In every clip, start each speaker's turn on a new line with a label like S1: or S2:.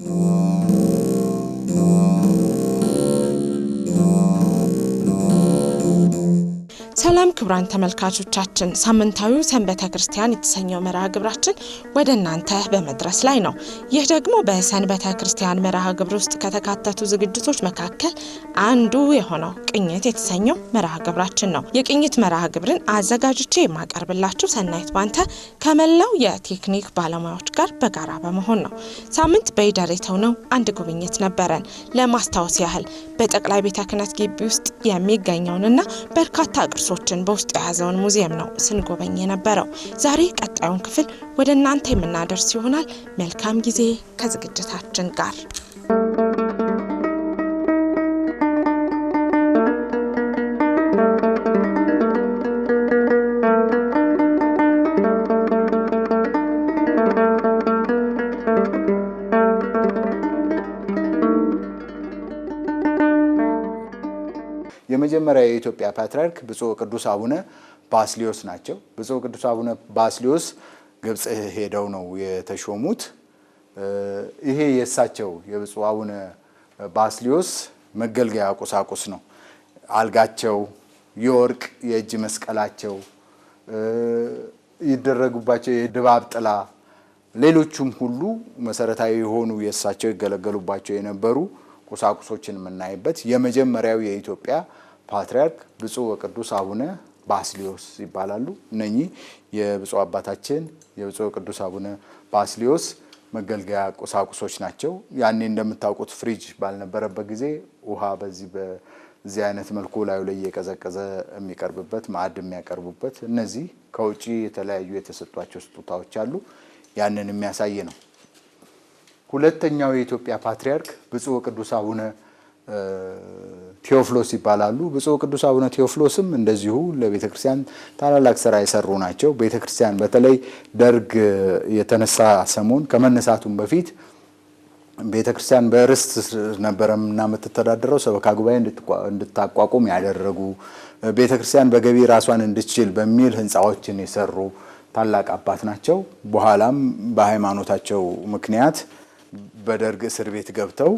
S1: Mm-hmm. ሰላም ክቡራን ተመልካቾቻችን፣ ሳምንታዊው ሰንበተ ክርስቲያን የተሰኘው መርሃ ግብራችን ወደ እናንተ በመድረስ ላይ ነው። ይህ ደግሞ በሰንበተ ክርስቲያን መርሃ ግብር ውስጥ ከተካተቱ ዝግጅቶች መካከል አንዱ የሆነው ቅኝት የተሰኘው መርሃ ግብራችን ነው። የቅኝት መርሃ ግብርን አዘጋጅቼ የማቀርብላችሁ ሰናይት ባንተ ከመላው የቴክኒክ ባለሙያዎች ጋር በጋራ በመሆን ነው። ሳምንት በይደር የተውነው አንድ ጉብኝት ነበረን። ለማስታወስ ያህል በጠቅላይ ቤተ ክህነት ግቢ ውስጥ የሚገኘውንና በርካታ ቅርሶ ቅርሶችን በውስጡ የያዘውን ሙዚየም ነው ስንጎበኝ የነበረው። ዛሬ ቀጣዩን ክፍል ወደ እናንተ የምናደርስ ይሆናል። መልካም ጊዜ ከዝግጅታችን ጋር የኢትዮጵያ ፓትርያርክ ብፁዕ ቅዱስ አቡነ ባስሊዮስ ናቸው። ብፁዕ ቅዱስ አቡነ ባስሊዮስ ግብጽ ሄደው ነው የተሾሙት። ይሄ የእሳቸው የብፁዕ አቡነ ባስሊዮስ መገልገያ ቁሳቁስ ነው። አልጋቸው፣ የወርቅ የእጅ መስቀላቸው፣ ይደረጉባቸው የድባብ ጥላ፣ ሌሎቹም ሁሉ መሰረታዊ የሆኑ የእሳቸው ይገለገሉባቸው የነበሩ ቁሳቁሶችን የምናይበት የመጀመሪያው የኢትዮጵያ ፓትርያርክ ብፁዕ ወቅዱስ አቡነ ባስሊዮስ ይባላሉ። እነኚህ የብፁዕ አባታችን የብፁዕ ቅዱስ አቡነ ባስሊዮስ መገልገያ ቁሳቁሶች ናቸው። ያኔ እንደምታውቁት ፍሪጅ ባልነበረበት ጊዜ ውሃ በዚህ በዚህ አይነት መልኩ ላዩ ላይ እየቀዘቀዘ የሚቀርብበት ማዕድ የሚያቀርቡበት እነዚህ ከውጭ የተለያዩ የተሰጧቸው ስጦታዎች አሉ። ያንን የሚያሳይ ነው። ሁለተኛው የኢትዮጵያ ፓትርያርክ ብፁዕ ቅዱስ አቡነ ቴዎፍሎስ ይባላሉ። ብፁዕ ቅዱስ አቡነ ቴዎፍሎስም እንደዚሁ ለቤተ ክርስቲያን ታላላቅ ስራ የሰሩ ናቸው። ቤተ ክርስቲያን በተለይ ደርግ የተነሳ ሰሞን ከመነሳቱም በፊት ቤተ ክርስቲያን በርስት ነበረ ምና የምትተዳደረው ሰበካ ጉባኤ እንድታቋቁም ያደረጉ፣ ቤተ ክርስቲያን በገቢ ራሷን እንድችል በሚል ህንፃዎችን የሰሩ ታላቅ አባት ናቸው። በኋላም በሃይማኖታቸው ምክንያት በደርግ እስር ቤት ገብተው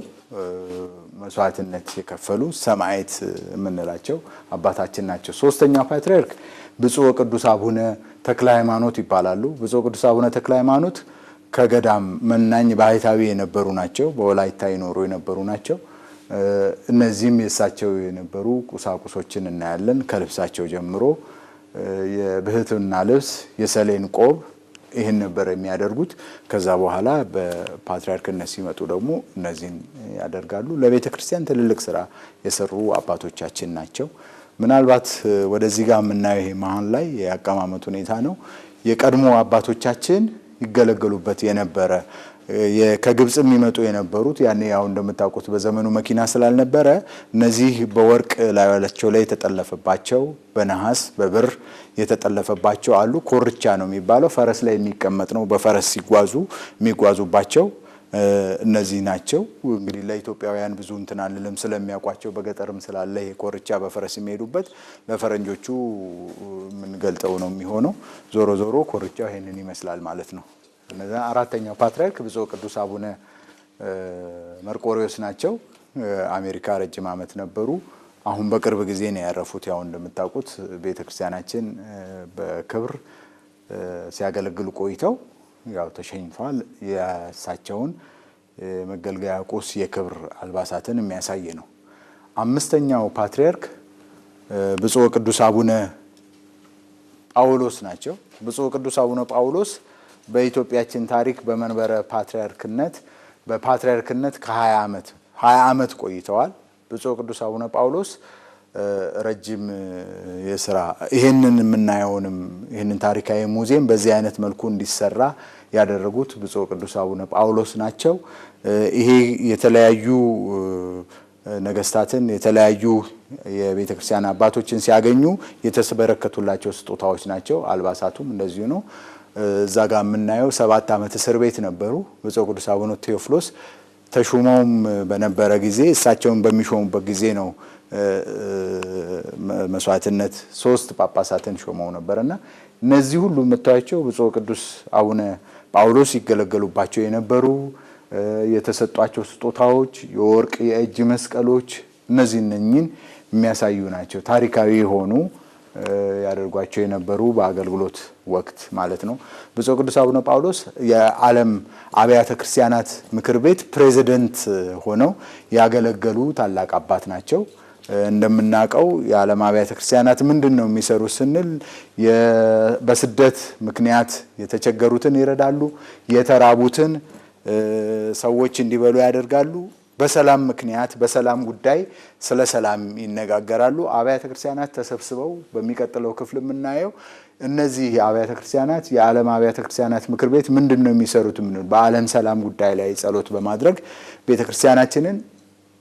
S1: መስዋዕትነት የከፈሉ ሰማዕት የምንላቸው አባታችን ናቸው። ሶስተኛው ፓትርያርክ ብፁዕ ቅዱስ አቡነ ተክለ ሃይማኖት ይባላሉ። ብፁዕ ቅዱስ አቡነ ተክለ ሃይማኖት ከገዳም መናኝ ባህታዊ የነበሩ ናቸው። በወላይታ ይኖሩ የነበሩ ናቸው። እነዚህም የእሳቸው የነበሩ ቁሳቁሶችን እናያለን። ከልብሳቸው ጀምሮ የብህትና ልብስ፣ የሰሌን ቆብ ይህን ነበር የሚያደርጉት። ከዛ በኋላ በፓትሪያርክነት ሲመጡ ደግሞ እነዚህን ያደርጋሉ። ለቤተ ክርስቲያን ትልልቅ ስራ የሰሩ አባቶቻችን ናቸው። ምናልባት ወደዚህ ጋር የምናየው ይሄ መሀል ላይ የአቀማመጥ ሁኔታ ነው። የቀድሞ አባቶቻችን ይገለገሉበት የነበረ ከግብፅ የሚመጡ የነበሩት ያኔ ያው እንደምታውቁት በዘመኑ መኪና ስላልነበረ እነዚህ በወርቅ ላያቸው ላይ የተጠለፈባቸው በነሐስ በብር የተጠለፈባቸው አሉ። ኮርቻ ነው የሚባለው ፈረስ ላይ የሚቀመጥ ነው። በፈረስ ሲጓዙ የሚጓዙባቸው እነዚህ ናቸው። እንግዲህ ለኢትዮጵያውያን ብዙ እንትን ስለሚያውቋቸው በገጠርም ስላለ ኮርቻ በፈረስ የሚሄዱበት ለፈረንጆቹ የምንገልጠው ነው የሚሆነው። ዞሮ ዞሮ ኮርቻው ይሄንን ይመስላል ማለት ነው። አራተኛው ፓትርያርክ ብፁዕ ቅዱስ አቡነ መርቆሪዎስ ናቸው። አሜሪካ ረጅም ዓመት ነበሩ። አሁን በቅርብ ጊዜ ነው ያረፉት። ያው እንደምታውቁት ቤተ ክርስቲያናችን በክብር ሲያገለግሉ ቆይተው ያው ተሸኝቷል። የእሳቸውን መገልገያ ቁስ የክብር አልባሳትን የሚያሳይ ነው። አምስተኛው ፓትርያርክ ብፁዕ ቅዱስ አቡነ ጳውሎስ ናቸው። ብፁዕ ቅዱስ አቡነ ጳውሎስ በኢትዮጵያችን ታሪክ በመንበረ ፓትርያርክነት በፓትርያርክነት ከ20 ዓመት 20 ዓመት ቆይተዋል ብፁዕ ቅዱስ አቡነ ጳውሎስ ረጅም የስራ ይህንን የምናየውንም ይህንን ታሪካዊ ሙዚየም በዚህ አይነት መልኩ እንዲሰራ ያደረጉት ብፁዕ ቅዱስ አቡነ ጳውሎስ ናቸው። ይሄ የተለያዩ ነገስታትን የተለያዩ የቤተ ክርስቲያን አባቶችን ሲያገኙ የተበረከቱላቸው ስጦታዎች ናቸው። አልባሳቱም እንደዚሁ ነው። እዛ ጋር የምናየው ሰባት ዓመት እስር ቤት ነበሩ። ብፁዕ ቅዱስ አቡነ ቴዎፍሎስ ተሹመውም በነበረ ጊዜ እሳቸውን በሚሾሙበት ጊዜ ነው መስዋዕትነት ሶስት ጳጳሳትን ሾመው ነበርና እነዚህ ሁሉ የምታዩቸው ብፁዕ ቅዱስ አቡነ ጳውሎስ ይገለገሉባቸው የነበሩ የተሰጧቸው ስጦታዎች፣ የወርቅ የእጅ መስቀሎች እነዚህ እነኝን የሚያሳዩ ናቸው ታሪካዊ የሆኑ ያደርጓቸው የነበሩ በአገልግሎት ወቅት ማለት ነው። ብፁዕ ቅዱስ አቡነ ጳውሎስ የዓለም አብያተ ክርስቲያናት ምክር ቤት ፕሬዚደንት ሆነው ያገለገሉ ታላቅ አባት ናቸው። እንደምናውቀው የዓለም አብያተ ክርስቲያናት ምንድን ነው የሚሰሩ ስንል በስደት ምክንያት የተቸገሩትን ይረዳሉ፣ የተራቡትን ሰዎች እንዲበሉ ያደርጋሉ፣ በሰላም ምክንያት በሰላም ጉዳይ ስለ ሰላም ይነጋገራሉ። አብያተ ክርስቲያናት ተሰብስበው በሚቀጥለው ክፍል የምናየው እነዚህ አብያተ ክርስቲያናት የዓለም አብያተ ክርስቲያናት ምክር ቤት ምንድን ነው የሚሰሩት? ምን በዓለም ሰላም ጉዳይ ላይ ጸሎት በማድረግ ቤተ ክርስቲያናችንን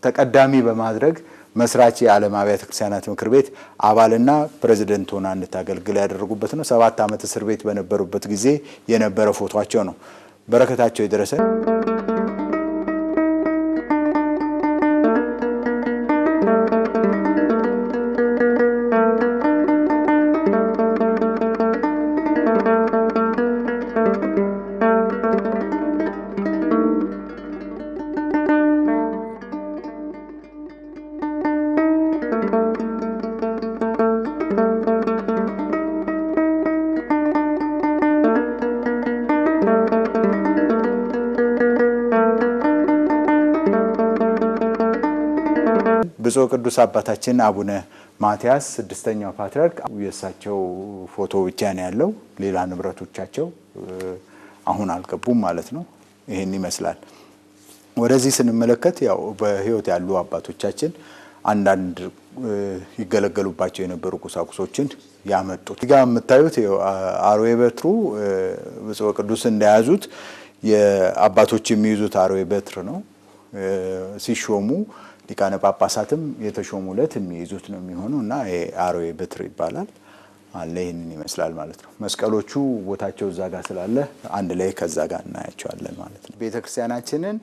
S1: ተቀዳሚ በማድረግ መስራች የዓለም አብያተ ክርስቲያናት ምክር ቤት አባልና ፕሬዚደንት ሆና እንታገልግል ያደረጉበት ነው። ሰባት ዓመት እስር ቤት በነበሩበት ጊዜ የነበረ ፎቷቸው ነው። በረከታቸው የደረሰን ቅዱስ አባታችን አቡነ ማትያስ ስድስተኛው ፓትርያርክ የእሳቸው ፎቶ ብቻ ነው ያለው። ሌላ ንብረቶቻቸው አሁን አልገቡም ማለት ነው። ይህን ይመስላል። ወደዚህ ስንመለከት ያው በህይወት ያሉ አባቶቻችን አንዳንድ ይገለገሉባቸው የነበሩ ቁሳቁሶችን ያመጡት ጋ የምታዩት አርዌ በትሩ ብፁዕ ቅዱስ እንደያዙት የአባቶች የሚይዙት አርዌ በትር ነው ሲሾሙ ሊቃነ ጳጳሳትም የተሾሙ ዕለት የሚይዙት ነው የሚሆነው እና አሮዌ በትር ይባላል አለ። ይህንን ይመስላል ማለት ነው። መስቀሎቹ ቦታቸው እዛ ጋር ስላለ አንድ ላይ ከዛ ጋር እናያቸዋለን ማለት ነው። ቤተ ክርስቲያናችንን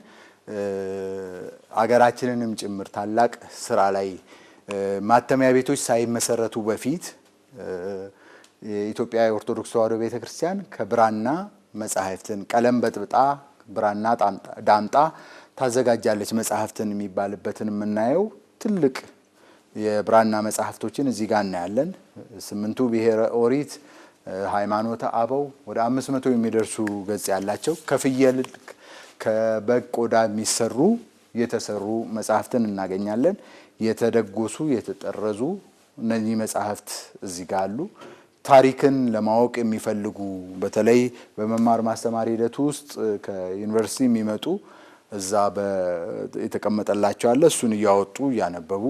S1: አገራችንንም ጭምር ታላቅ ስራ ላይ ማተሚያ ቤቶች ሳይመሰረቱ በፊት የኢትዮጵያ ኦርቶዶክስ ተዋሕዶ ቤተ ክርስቲያን ከብራና መጻሕፍትን ቀለም በጥብጣ ብራና ዳምጣ ታዘጋጃለች መጽሐፍትን የሚባልበትን የምናየው ትልቅ የብራና መጽሐፍቶችን እዚህ ጋር እናያለን። ስምንቱ ብሔረ ኦሪት፣ ሃይማኖተ አበው ወደ አምስት መቶ የሚደርሱ ገጽ ያላቸው ከፍየል ከበግ ቆዳ የሚሰሩ የተሰሩ መጽሐፍትን እናገኛለን። የተደጎሱ የተጠረዙ እነዚህ መጽሐፍት እዚህ ጋር አሉ። ታሪክን ለማወቅ የሚፈልጉ በተለይ በመማር ማስተማር ሂደቱ ውስጥ ከዩኒቨርሲቲ የሚመጡ እዛ የተቀመጠላቸው አለ። እሱን እያወጡ እያነበቡ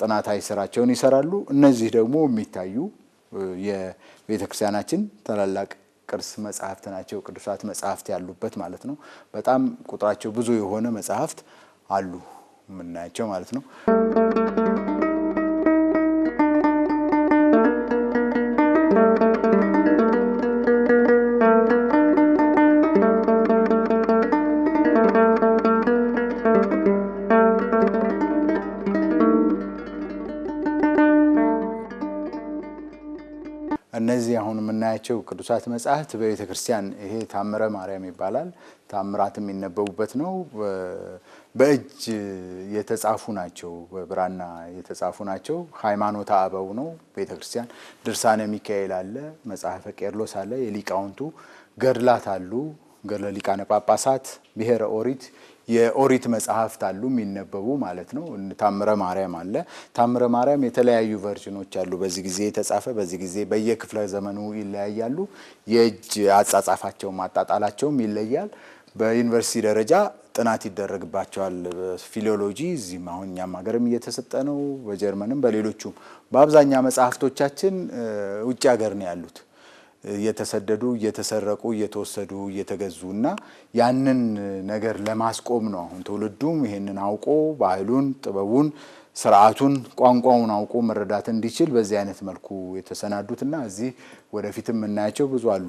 S1: ጥናታዊ ስራቸውን ይሰራሉ። እነዚህ ደግሞ የሚታዩ የቤተክርስቲያናችን ታላላቅ ቅርስ መጽሐፍት ናቸው። ቅዱሳት መጽሐፍት ያሉበት ማለት ነው። በጣም ቁጥራቸው ብዙ የሆነ መጽሐፍት አሉ የምናያቸው ማለት ነው። እነዚህ አሁን የምናያቸው ቅዱሳት መጽሐፍት በቤተ ክርስቲያን ይሄ ታምረ ማርያም ይባላል። ታምራት የሚነበቡበት ነው። በእጅ የተጻፉ ናቸው፣ በብራና የተጻፉ ናቸው። ሃይማኖተ አበው ነው ቤተ ክርስቲያን። ድርሳነ ሚካኤል አለ፣ መጽሐፈ ቄርሎስ አለ፣ የሊቃውንቱ ገድላት አሉ፣ ገድለ ሊቃነ ጳጳሳት፣ ብሔረ ኦሪት የኦሪት መጽሐፍት አሉ የሚነበቡ ማለት ነው። ታምረ ማርያም አለ። ታምረ ማርያም የተለያዩ ቨርዥኖች አሉ። በዚህ ጊዜ የተጻፈ በዚህ ጊዜ በየክፍለ ዘመኑ ይለያያሉ። የእጅ አጻጻፋቸው አጣጣላቸውም ይለያል። በዩኒቨርሲቲ ደረጃ ጥናት ይደረግባቸዋል። ፊሎሎጂ እዚህም አሁን እኛም ሀገርም እየተሰጠ ነው፣ በጀርመንም በሌሎቹም። በአብዛኛ መጽሐፍቶቻችን ውጭ ሀገር ነው ያሉት። እየተሰደዱ እየተሰረቁ እየተወሰዱ እየተገዙ እና ያንን ነገር ለማስቆም ነው። አሁን ትውልዱም ይሄንን አውቆ ባህሉን፣ ጥበቡን፣ ስርዓቱን፣ ቋንቋውን አውቆ መረዳት እንዲችል በዚህ አይነት መልኩ የተሰናዱት እና እዚህ ወደፊት የምናያቸው ብዙ አሉ።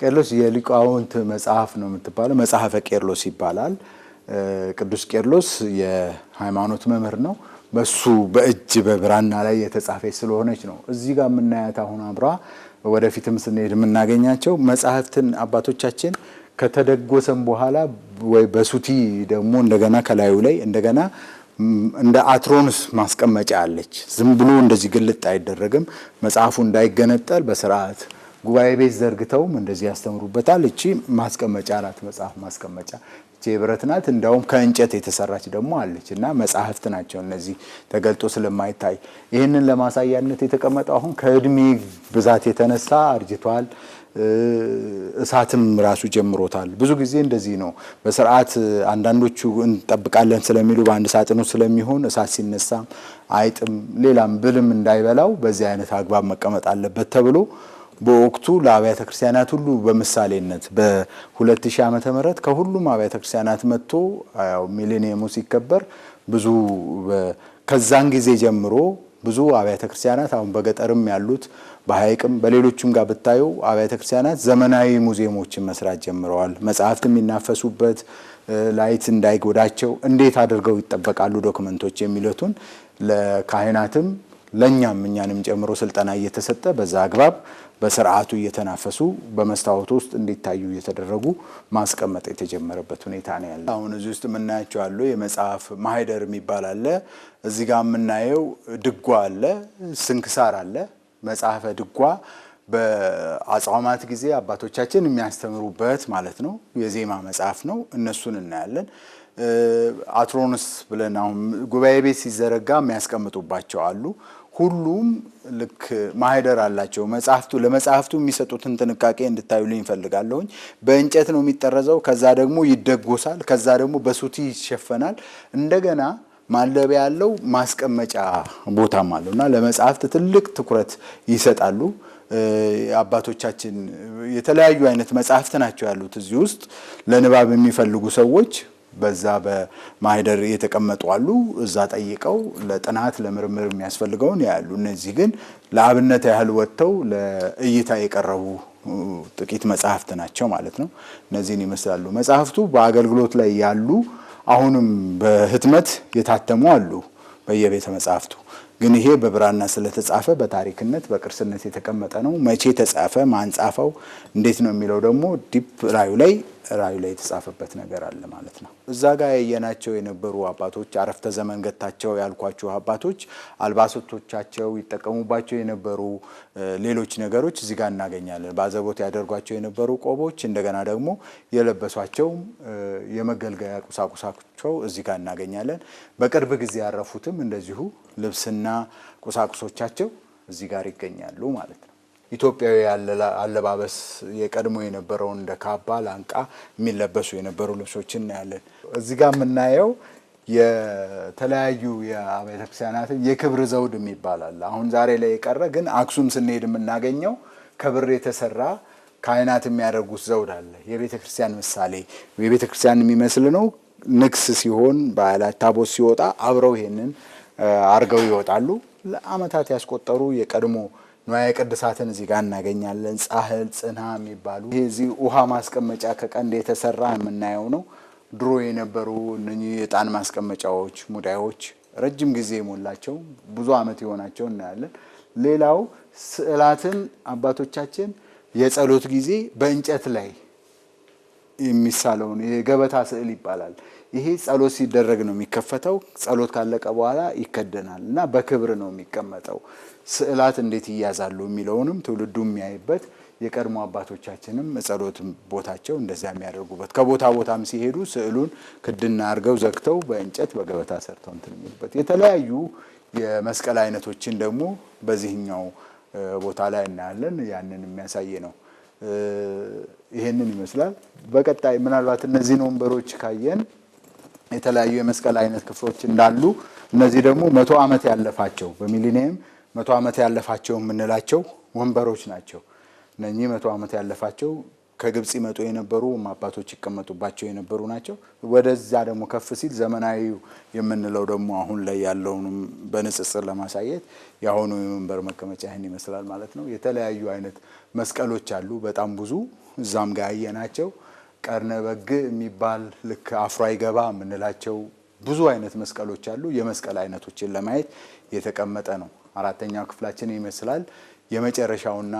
S1: ቄርሎስ የሊቃውንት መጽሐፍ ነው የምትባለው። መጽሐፈ ቄርሎስ ይባላል። ቅዱስ ቄርሎስ የሃይማኖት መምህር ነው። በሱ በእጅ በብራና ላይ የተጻፈች ስለሆነች ነው እዚህ ጋር የምናያት አሁን አብራ ወደፊትም ስንሄድ የምናገኛቸው መጽሐፍትን አባቶቻችን ከተደጎሰም በኋላ ወይ በሱቲ ደግሞ እንደገና ከላዩ ላይ እንደገና እንደ አትሮንስ ማስቀመጫ አለች። ዝም ብሎ እንደዚህ ግልጥ አይደረግም። መጽሐፉ እንዳይገነጠል በስርዓት ጉባኤ ቤት ዘርግተውም እንደዚህ ያስተምሩበታል። እቺ ማስቀመጫ ናት፣ መጽሐፍ ማስቀመጫ። የብረት ናት። እንዳውም ከእንጨት የተሰራች ደግሞ አለች እና መጽሐፍት ናቸው እነዚህ ተገልጦ ስለማይታይ ይህንን ለማሳያነት የተቀመጠው አሁን ከእድሜ ብዛት የተነሳ አርጅቷል። እሳትም ራሱ ጀምሮታል። ብዙ ጊዜ እንደዚህ ነው። በስርዓት አንዳንዶቹ እንጠብቃለን ስለሚሉ በአንድ ሳጥኑ ስለሚሆን እሳት ሲነሳም አይጥም ሌላም ብልም እንዳይበላው በዚህ አይነት አግባብ መቀመጥ አለበት ተብሎ በወቅቱ ለአብያተ ክርስቲያናት ሁሉ በምሳሌነት በ2000 ዓመተ ምህረት ከሁሉም አብያተ ክርስቲያናት መጥቶ ያው ሲከበር ብዙ ከዛን ጊዜ ጀምሮ ብዙ አብያተ ክርስቲያናት አሁን በገጠርም ያሉት በሐይቅም በሌሎችም ጋር ብታዩ አብያተ ክርስቲያናት ዘመናዊ ሙዚየሞችን መስራት ጀምረዋል። መጽሐፍት የሚናፈሱበት ላይት እንዳይጎዳቸው እንዴት አድርገው ይጠበቃሉ ዶክመንቶች የሚለቱን ለካህናትም ለእኛም እኛንም ጨምሮ ስልጠና እየተሰጠ በዛ አግባብ በስርዓቱ እየተናፈሱ በመስታወቱ ውስጥ እንዲታዩ እየተደረጉ ማስቀመጥ የተጀመረበት ሁኔታ ነው ያለ። አሁን እዚህ ውስጥ የምናያቸው አሉ። የመጽሐፍ ማህደር የሚባል አለ። እዚህ ጋር የምናየው ድጓ አለ፣ ስንክሳር አለ። መጽሐፈ ድጓ በአጽዋማት ጊዜ አባቶቻችን የሚያስተምሩበት ማለት ነው። የዜማ መጽሐፍ ነው። እነሱን እናያለን። አትሮንስ ብለን አሁን ጉባኤ ቤት ሲዘረጋ የሚያስቀምጡባቸው አሉ። ሁሉም ልክ ማህደር አላቸው። መጽሐፍቱ ለመጽሐፍቱ የሚሰጡትን ጥንቃቄ እንድታዩልኝ እፈልጋለሁኝ። በእንጨት ነው የሚጠረዘው፣ ከዛ ደግሞ ይደጎሳል፣ ከዛ ደግሞ በሱቲ ይሸፈናል። እንደገና ማለቢያ ያለው ማስቀመጫ ቦታም አለው እና ለመጽሐፍት ትልቅ ትኩረት ይሰጣሉ። አባቶቻችን የተለያዩ አይነት መጽሐፍት ናቸው ያሉት እዚህ ውስጥ ለንባብ የሚፈልጉ ሰዎች በዛ በማህደር የተቀመጡ አሉ። እዛ ጠይቀው ለጥናት ለምርምር የሚያስፈልገውን ያሉ እነዚህ ግን ለአብነት ያህል ወጥተው ለእይታ የቀረቡ ጥቂት መጽሐፍት ናቸው ማለት ነው። እነዚህን ይመስላሉ መጽሐፍቱ። በአገልግሎት ላይ ያሉ አሁንም በህትመት የታተሙ አሉ በየቤተ መጽሐፍቱ ግን ይሄ በብራና ስለተጻፈ በታሪክነት በቅርስነት የተቀመጠ ነው። መቼ ተጻፈ፣ ማን ጻፈው፣ እንዴት ነው የሚለው ደግሞ ዲፕ ራዩ ላይ ራዩ ላይ የተጻፈበት ነገር አለ ማለት ነው። እዛ ጋር ያየናቸው የነበሩ አባቶች አረፍተ ዘመን ገታቸው ያልኳቸው አባቶች አልባሶቶቻቸው ይጠቀሙባቸው የነበሩ ሌሎች ነገሮች እዚህ ጋር እናገኛለን። በአዘቦት ያደርጓቸው የነበሩ ቆቦች፣ እንደገና ደግሞ የለበሷቸው የመገልገያ ቁሳቁሳቸው እዚህ ጋር እናገኛለን። በቅርብ ጊዜ ያረፉትም እንደዚሁ ልብስና እና ቁሳቁሶቻቸው እዚህ ጋር ይገኛሉ ማለት ነው። ኢትዮጵያዊ አለባበስ የቀድሞ የነበረውን እንደ ካባ፣ ላንቃ የሚለበሱ የነበሩ ልብሶች እናያለን። እዚህ ጋር የምናየው የተለያዩ የአብያተ ክርስቲያናት የክብር ዘውድ የሚባላል አሁን ዛሬ ላይ የቀረ ግን አክሱም ስንሄድ የምናገኘው ከብር የተሰራ ካህናት የሚያደርጉት ዘውድ አለ። የቤተ ክርስቲያን ምሳሌ የቤተ ክርስቲያን የሚመስል ነው። ንግስ ሲሆን በዓላት ታቦት ሲወጣ አብረው ይሄንን አርገው ይወጣሉ። ለአመታት ያስቆጠሩ የቀድሞ ንዋየ ቅድሳትን እዚህ ጋር እናገኛለን። ጻህል ጽና የሚባሉ ይሄ እዚህ ውሃ ማስቀመጫ ከቀንድ የተሰራ የምናየው ነው። ድሮ የነበሩ እነኚህ የጣን ማስቀመጫዎች፣ ሙዳዮች ረጅም ጊዜ የሞላቸው ብዙ አመት የሆናቸው እናያለን። ሌላው ስዕላትን አባቶቻችን የጸሎት ጊዜ በእንጨት ላይ የሚሳለውን የገበታ ስዕል ይባላል። ይሄ ጸሎት ሲደረግ ነው የሚከፈተው። ጸሎት ካለቀ በኋላ ይከደናል እና በክብር ነው የሚቀመጠው። ስዕላት እንዴት ይያዛሉ የሚለውንም ትውልዱ የሚያይበት የቀድሞ አባቶቻችንም ጸሎት ቦታቸው እንደዚያ የሚያደርጉበት ከቦታ ቦታም ሲሄዱ ስዕሉን ክድና አድርገው ዘግተው በእንጨት በገበታ ሰርተው እንትን የሚሉበት የተለያዩ የመስቀል አይነቶችን ደግሞ በዚህኛው ቦታ ላይ እናያለን። ያንን የሚያሳይ ነው። ይሄንን ይመስላል። በቀጣይ ምናልባት እነዚህን ወንበሮች ካየን የተለያዩ የመስቀል አይነት ክፍሎች እንዳሉ እነዚህ ደግሞ መቶ ዓመት ያለፋቸው በሚሊኒየም መቶ ዓመት ያለፋቸው የምንላቸው ወንበሮች ናቸው። እነኚህ መቶ ዓመት ያለፋቸው ከግብጽ ይመጡ የነበሩ አባቶች ይቀመጡባቸው የነበሩ ናቸው። ወደዛ ደግሞ ከፍ ሲል ዘመናዊ የምንለው ደግሞ አሁን ላይ ያለውንም በንጽጽር ለማሳየት የአሁኑ የመንበር መቀመጫ ይህን ይመስላል ማለት ነው። የተለያዩ አይነት መስቀሎች አሉ፣ በጣም ብዙ እዛም ጋር ያየ ናቸው። ቀርነ በግ የሚባል ልክ አፍሮ አይገባ የምንላቸው ብዙ አይነት መስቀሎች አሉ። የመስቀል አይነቶችን ለማየት የተቀመጠ ነው። አራተኛው ክፍላችን ይመስላል። የመጨረሻውና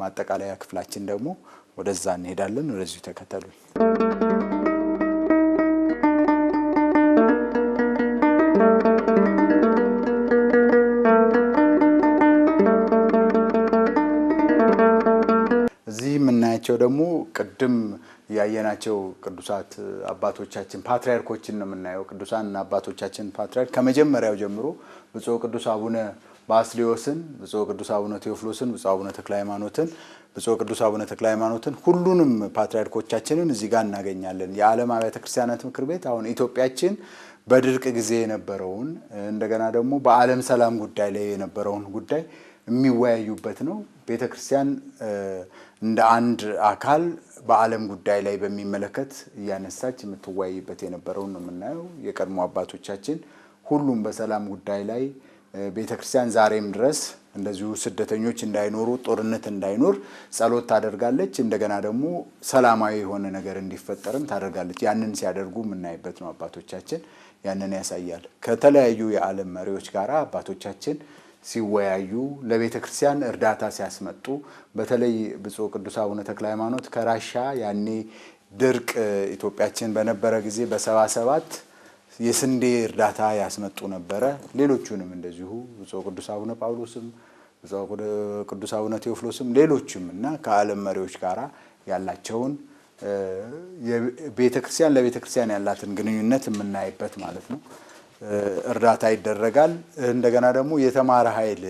S1: ማጠቃለያ ክፍላችን ደግሞ ወደዛ እንሄዳለን። ወደዚሁ ተከተሉኝ። እዚህ የምናያቸው ደግሞ ቅድም ያየናቸው ቅዱሳት አባቶቻችን ፓትሪያርኮችን ነው የምናየው። ቅዱሳን አባቶቻችን ፓትሪያርክ ከመጀመሪያው ጀምሮ ብፁዕ ቅዱስ አቡነ ባስሊዮስን ብፁዕ ቅዱስ አቡነ ቴዎፍሎስን ብፁዕ አቡነ ተክለ ሃይማኖትን ብፁዕ ቅዱስ አቡነ ተክለ ሃይማኖትን ሁሉንም ፓትርያርኮቻችንን እዚህ ጋር እናገኛለን። የዓለም አብያተ ክርስቲያናት ምክር ቤት አሁን ኢትዮጵያችን በድርቅ ጊዜ የነበረውን እንደገና ደግሞ በዓለም ሰላም ጉዳይ ላይ የነበረውን ጉዳይ የሚወያዩበት ነው። ቤተ ክርስቲያን እንደ አንድ አካል በዓለም ጉዳይ ላይ በሚመለከት እያነሳች የምትወያይበት የነበረውን ነው የምናየው። የቀድሞ አባቶቻችን ሁሉም በሰላም ጉዳይ ላይ ቤተ ክርስቲያን ዛሬም ድረስ እንደዚሁ ስደተኞች እንዳይኖሩ ጦርነት እንዳይኖር ጸሎት ታደርጋለች። እንደገና ደግሞ ሰላማዊ የሆነ ነገር እንዲፈጠርም ታደርጋለች። ያንን ሲያደርጉ የምናይበት ነው። አባቶቻችን ያንን ያሳያል። ከተለያዩ የዓለም መሪዎች ጋር አባቶቻችን ሲወያዩ ለቤተ ክርስቲያን እርዳታ ሲያስመጡ በተለይ ብፁዕ ቅዱስ አቡነ ተክለ ሃይማኖት ከራሻ ያኔ ድርቅ ኢትዮጵያችን በነበረ ጊዜ በሰባ ሰባት የስንዴ እርዳታ ያስመጡ ነበረ። ሌሎቹንም እንደዚሁ ብፁዕ ቅዱስ አቡነ ጳውሎስም ብፁዕ ቅዱስ አቡነ ቴዎፍሎስም ሌሎችም እና ከዓለም መሪዎች ጋር ያላቸውን ቤተክርስቲያን ለቤተክርስቲያን ያላትን ግንኙነት የምናይበት ማለት ነው። እርዳታ ይደረጋል። እንደገና ደግሞ የተማረ ኃይል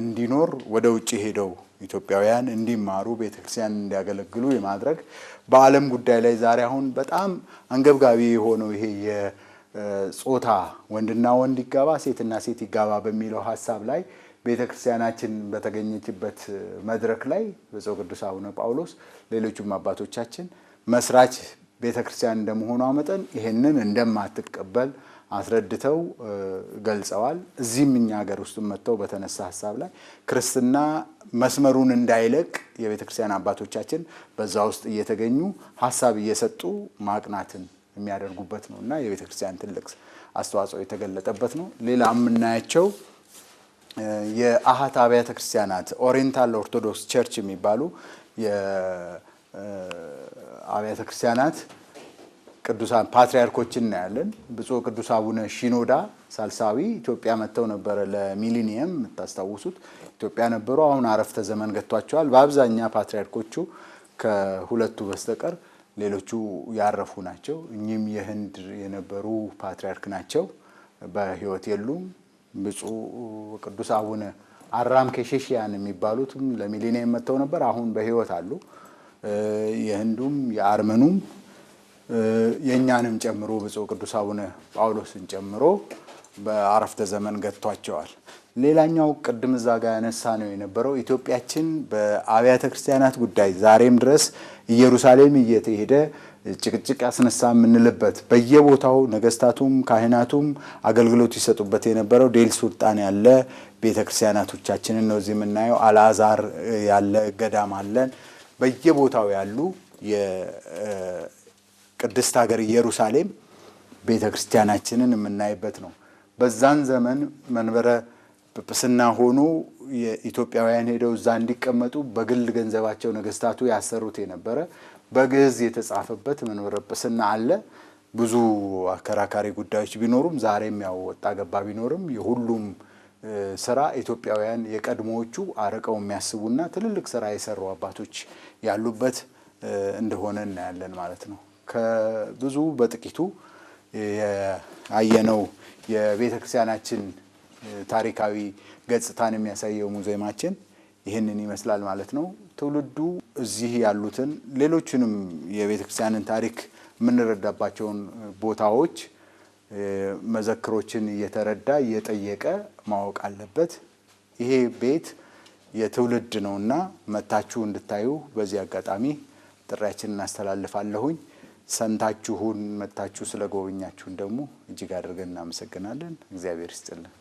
S1: እንዲኖር ወደ ውጭ ሄደው ኢትዮጵያውያን እንዲማሩ ቤተክርስቲያን እንዲያገለግሉ የማድረግ በዓለም ጉዳይ ላይ ዛሬ አሁን በጣም አንገብጋቢ የሆነው ይሄ የጾታ ወንድና ወንድ ይጋባ፣ ሴትና ሴት ይጋባ በሚለው ሀሳብ ላይ ቤተክርስቲያናችን በተገኘችበት መድረክ ላይ ብፁዕ ቅዱስ አቡነ ጳውሎስ ሌሎቹም አባቶቻችን መስራች ቤተክርስቲያን እንደመሆኗ መጠን ይህንን እንደማትቀበል አስረድተው ገልጸዋል። እዚህም እኛ ሀገር ውስጥ መጥተው በተነሳ ሀሳብ ላይ ክርስትና መስመሩን እንዳይለቅ የቤተ ክርስቲያን አባቶቻችን በዛ ውስጥ እየተገኙ ሀሳብ እየሰጡ ማቅናትን የሚያደርጉበት ነው እና የቤተ ክርስቲያን ትልቅ አስተዋጽኦ የተገለጠበት ነው። ሌላ የምናያቸው የአሀት አብያተ ክርስቲያናት ኦሪየንታል ኦርቶዶክስ ቸርች የሚባሉ የአብያተ ክርስቲያናት ቅዱሳን ፓትሪያርኮችን እናያለን። ብፁዕ ቅዱስ አቡነ ሺኖዳ ሳልሳዊ ኢትዮጵያ መጥተው ነበረ። ለሚሊኒየም የምታስታውሱት ኢትዮጵያ ነበሩ። አሁን አረፍተ ዘመን ገጥቷቸዋል። በአብዛኛ ፓትሪያርኮቹ ከሁለቱ በስተቀር ሌሎቹ ያረፉ ናቸው። እኚህም የህንድ የነበሩ ፓትሪያርክ ናቸው። በህይወት የሉም። ብፁዕ ቅዱስ አቡነ አራም ከሼሽያን የሚባሉትም ለሚሊኒየም መጥተው ነበር። አሁን በህይወት አሉ። የህንዱም የአርመኑም የእኛንም ጨምሮ ብፁዕ ቅዱስ አቡነ ጳውሎስን ጨምሮ በአረፍተ ዘመን ገጥቷቸዋል። ሌላኛው ቅድም እዛ ጋር ያነሳ ነው የነበረው ኢትዮጵያችን በአብያተ ክርስቲያናት ጉዳይ ዛሬም ድረስ ኢየሩሳሌም እየተሄደ ጭቅጭቅ ያስነሳ የምንልበት በየቦታው ነገስታቱም ካህናቱም አገልግሎት ይሰጡበት የነበረው ዴል ሱልጣን ያለ ቤተ ክርስቲያናቶቻችንን ነው እዚህ የምናየው። አልአዛር ያለ ገዳም አለን። በየቦታው ያሉ ቅድስት ሀገር ኢየሩሳሌም ቤተ ክርስቲያናችንን የምናይበት ነው። በዛን ዘመን መንበረ ጵጵስና ሆኖ የኢትዮጵያውያን ሄደው እዛ እንዲቀመጡ በግል ገንዘባቸው ነገስታቱ ያሰሩት የነበረ በግዕዝ የተጻፈበት መንበረ ጵጵስና አለ። ብዙ አከራካሪ ጉዳዮች ቢኖሩም ዛሬም ያው ወጣ ገባ ቢኖርም የሁሉም ስራ ኢትዮጵያውያን የቀድሞዎቹ አርቀው የሚያስቡና ትልልቅ ስራ የሰሩ አባቶች ያሉበት እንደሆነ እናያለን ማለት ነው። ከብዙ በጥቂቱ ያየነው የቤተ ክርስቲያናችን ታሪካዊ ገጽታን የሚያሳየው ሙዚየማችን ይህንን ይመስላል ማለት ነው። ትውልዱ እዚህ ያሉትን ሌሎችንም የቤተ ክርስቲያንን ታሪክ የምንረዳባቸውን ቦታዎች መዘክሮችን እየተረዳ እየጠየቀ ማወቅ አለበት። ይሄ ቤት የትውልድ ነውና መታችሁ እንድታዩ በዚህ አጋጣሚ ጥሪያችን እናስተላልፋለሁኝ። ሰምታችሁን መታችሁ ስለጎበኛችሁን ደግሞ እጅግ አድርገን እናመሰግናለን። እግዚአብሔር ይስጥልን።